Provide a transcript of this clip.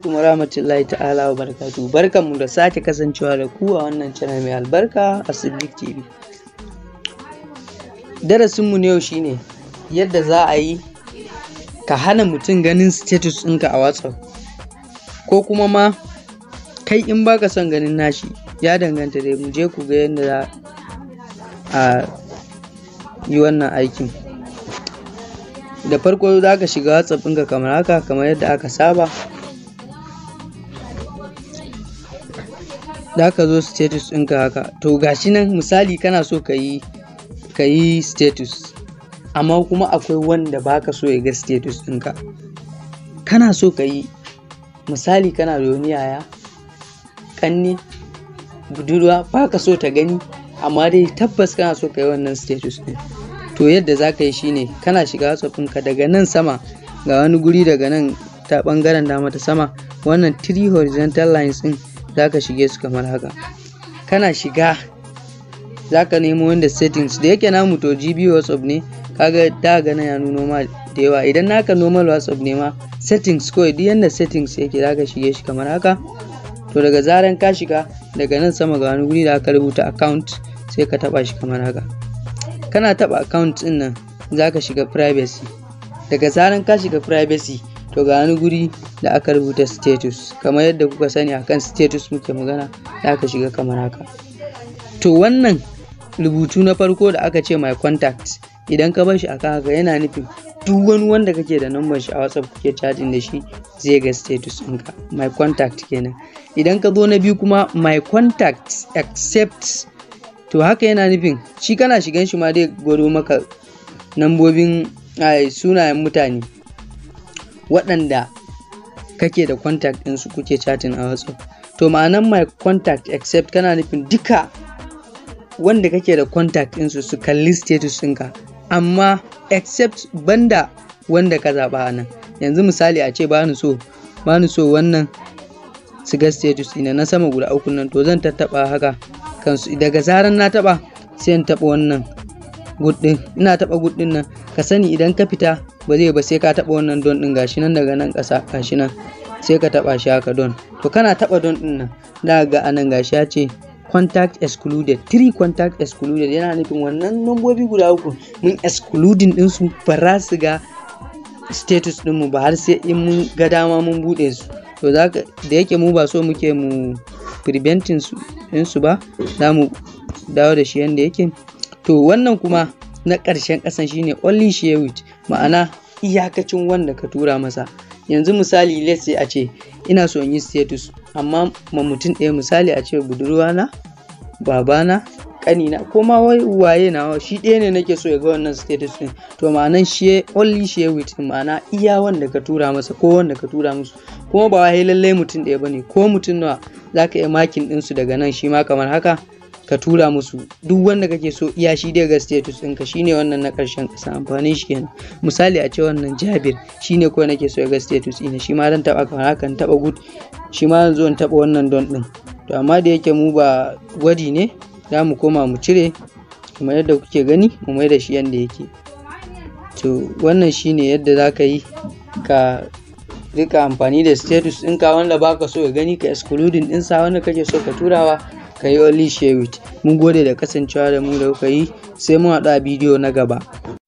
alaikum rahmatullahi ta'ala wa barakatu barkan mu da sake kasancewa da ku a wannan channel mai albarka a TV darasin mu yau shine yadda za a yi ka hana mutum ganin status ɗinka a WhatsApp ko kuma ma kai in baka son ganin nashi ya danganta da mu je ku ga yadda za a yi wannan aikin da farko za ka shiga WhatsApp ɗinka kamar haka kamar yadda aka saba da ka zo status ɗinka haka to gashi nan misali kana so ka yi status amma kuma akwai wanda baka so ya ga status ɗinka kana so ka yi misali kana da wani yaya kanne budurwa baka so ta gani amma dai tabbas kana so ka yi wannan status ɗin to yadda za ka yi shine kana shiga whatsapp ka? daga nan sama ga wani guri daga nan ta bangaren dama ta sama wannan three horizontal lines ɗin za ka shige su kamar haka kana shiga za ka nemo wanda settings da yake namu to gb whatsapp ne kaga ta gana ya nuno ma da yawa idan naka normal whatsapp ne ma settings kawai duk yanda settings yake za ka shige shi kamar haka to daga zaran ka shiga daga nan sama ga wani guri da aka rubuta account sai ka taba shi kamar haka kana taba account din nan za ka shiga privacy daga zaran ka shiga privacy to ga wani guri da aka rubuta status kamar yadda kuka sani akan status muke magana da aka shiga kamar haka to wannan rubutu na farko da aka ce my contact idan ka bashi aka haka yana nufin duk wani wanda kake da nambar shi a whatsapp kuke chatin da shi zai ga status ɗinka my contact kenan idan ka zo na biyu kuma my contact accepts to haka yana nufin shi kana shigan shi ma dai gwado maka nambobin sunayen mutane waɗanda kake da contact ɗinsu kuke chatting a whatsapp to ma'anan my contact except kana nufin duka wanda kake da contact ɗinsu su kalli status ɗinka amma except banda wanda ka zaɓa a nan yanzu misali a ce bani so bani so wannan su ga status ina na sama guda uku nan to zan tattaɓa haka kansu daga zaran na taɓa sai in taɓa wannan gud ina taɓa gud nan ka sani idan ka fita ba zai ba sai ka taba wannan don ɗin gashi nan daga nan ƙasa gashi nan sai ka taba shi haka don to kana taɓa don ɗin nan da ga anan gashi ya ce contact excluded three contact excluded yana nufin wannan mambobi guda uku mun excluding su ba za su ga status ɗinmu ba har sai in mun ga dama mun bude su to da yake mu ba so muke mu preventing su ba za mu dawo da shi yadda yake to wannan kuma na ƙarshen ƙasan shine only share with ma'ana iyakacin wanda ka tura masa yanzu misali let's say a ce ina son in yi status amma ma mutum ɗaya misali a ce budurwana babana kanina ko ma waye na shi ɗaya ne nake so ya ga wannan status ɗin to ma'anan shi only shi with ma'ana iya wanda ka tura masa ko wanda ka tura musu kuma ba wai lallai mutum ɗaya bane ko mutum nawa zaka iya makin ɗinsu daga nan shi ma kamar haka ka tura musu duk wanda kake so iya shi daga status ɗinka shine wannan na ƙarshen ƙasa amfanin shi kenan misali a ce wannan jabir shine kawai nake so ga status ina shi ma zan taɓa kamar haka taɓa good shi ma zan zo in taɓa wannan don ɗin to amma da yake mu ba gwadi ne za mu koma mu cire kuma yadda kuke gani mu mai da shi yadda yake to wannan shine yadda za ka yi ka rika amfani da status ɗinka wanda baka so ya gani ka excluding sa wanda kake so ka turawa ka yi only share with mun gode da kasancewa da mu da kuka yi sai mun haɗu a bidiyo na gaba